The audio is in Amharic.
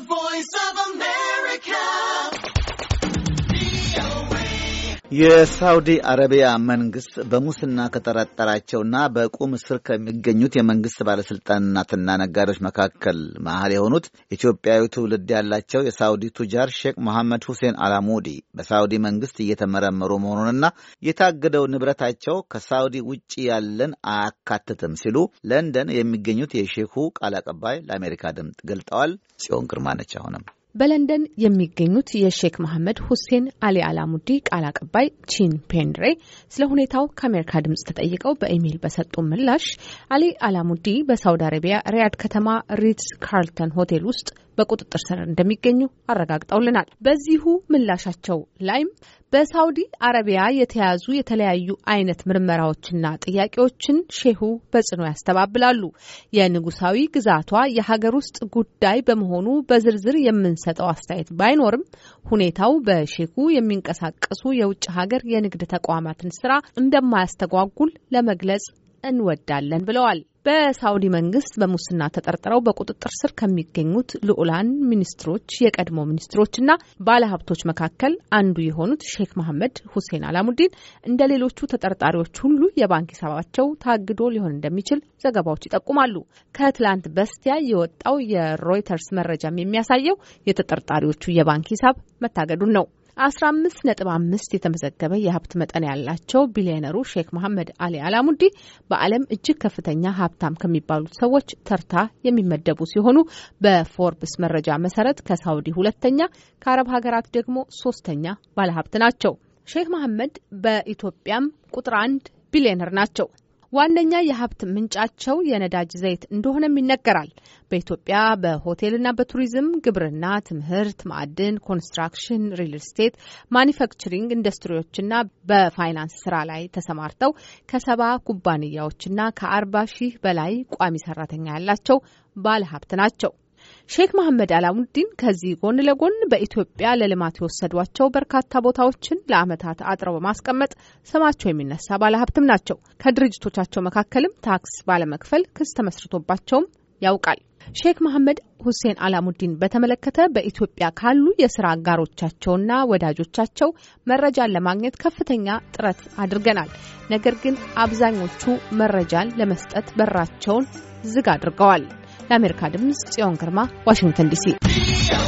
The Voice of a man. የሳውዲ አረቢያ መንግስት በሙስና ከጠረጠራቸውና በቁም እስር ከሚገኙት የመንግስት ባለሥልጣናትና ነጋዴዎች መካከል መሃል የሆኑት ኢትዮጵያዊ ትውልድ ያላቸው የሳውዲ ቱጃር ሼክ መሐመድ ሁሴን አላሙዲ በሳውዲ መንግስት እየተመረመሩ መሆኑንና የታገደው ንብረታቸው ከሳውዲ ውጭ ያለን አያካትትም ሲሉ ለንደን የሚገኙት የሼኩ ቃል አቀባይ ለአሜሪካ ድምፅ ገልጠዋል። ጽዮን ግርማ ነች። አሁንም በለንደን የሚገኙት የሼክ መሐመድ ሁሴን አሊ አላሙዲ ቃል አቀባይ ቺን ፔንድሬ ስለ ሁኔታው ከአሜሪካ ድምጽ ተጠይቀው በኢሜይል በሰጡ ምላሽ አሊ አላሙዲ በሳውዲ አረቢያ ሪያድ ከተማ ሪትስ ካርልተን ሆቴል ውስጥ በቁጥጥር ስር እንደሚገኙ አረጋግጠውልናል። በዚሁ ምላሻቸው ላይም በሳውዲ አረቢያ የተያዙ የተለያዩ አይነት ምርመራዎችና ጥያቄዎችን ሼሁ በጽኑ ያስተባብላሉ። የንጉሳዊ ግዛቷ የሀገር ውስጥ ጉዳይ በመሆኑ በዝርዝር የምንሰጠው አስተያየት ባይኖርም ሁኔታው በሼሁ የሚንቀሳቀሱ የውጭ ሀገር የንግድ ተቋማትን ስራ እንደማያስተጓጉል ለመግለጽ እንወዳለን ብለዋል። በሳውዲ መንግስት በሙስና ተጠርጥረው በቁጥጥር ስር ከሚገኙት ልዑላን ሚኒስትሮች፣ የቀድሞ ሚኒስትሮችና ባለሀብቶች መካከል አንዱ የሆኑት ሼክ መሐመድ ሁሴን አላሙዲን እንደ ሌሎቹ ተጠርጣሪዎች ሁሉ የባንክ ሂሳባቸው ታግዶ ሊሆን እንደሚችል ዘገባዎች ይጠቁማሉ። ከትላንት በስቲያ የወጣው የሮይተርስ መረጃም የሚያሳየው የተጠርጣሪዎቹ የባንክ ሂሳብ መታገዱን ነው። አስራ አምስት ነጥብ አምስት የተመዘገበ የሀብት መጠን ያላቸው ቢሊዮነሩ ሼክ መሐመድ አሊ አላሙዲ በዓለም እጅግ ከፍተኛ ሀብታም ከሚባሉት ሰዎች ተርታ የሚመደቡ ሲሆኑ በፎርብስ መረጃ መሰረት ከሳውዲ ሁለተኛ፣ ከአረብ ሀገራት ደግሞ ሶስተኛ ባለሀብት ናቸው። ሼክ መሐመድ በኢትዮጵያም ቁጥር አንድ ቢሊዮነር ናቸው። ዋነኛ የሀብት ምንጫቸው የነዳጅ ዘይት እንደሆነም ይነገራል። በኢትዮጵያ በሆቴልና በቱሪዝም፣ ግብርና፣ ትምህርት፣ ማዕድን፣ ኮንስትራክሽን፣ ሪል ስቴት፣ ማኒፋክቸሪንግ ኢንዱስትሪዎችና በፋይናንስ ስራ ላይ ተሰማርተው ከሰባ ኩባንያዎችና ከአርባ ሺህ በላይ ቋሚ ሰራተኛ ያላቸው ባለሀብት ናቸው። ሼክ መሐመድ አላሙዲን ከዚህ ጎን ለጎን በኢትዮጵያ ለልማት የወሰዷቸው በርካታ ቦታዎችን ለአመታት አጥረው በማስቀመጥ ስማቸው የሚነሳ ባለሀብትም ናቸው። ከድርጅቶቻቸው መካከልም ታክስ ባለመክፈል ክስ ተመስርቶባቸውም ያውቃል። ሼክ መሐመድ ሁሴን አላሙዲን በተመለከተ በኢትዮጵያ ካሉ የስራ አጋሮቻቸውና ወዳጆቻቸው መረጃን ለማግኘት ከፍተኛ ጥረት አድርገናል። ነገር ግን አብዛኞቹ መረጃን ለመስጠት በራቸውን ዝግ አድርገዋል። ለአሜሪካ ድምፅ ጽዮን ግርማ ዋሽንግተን ዲሲ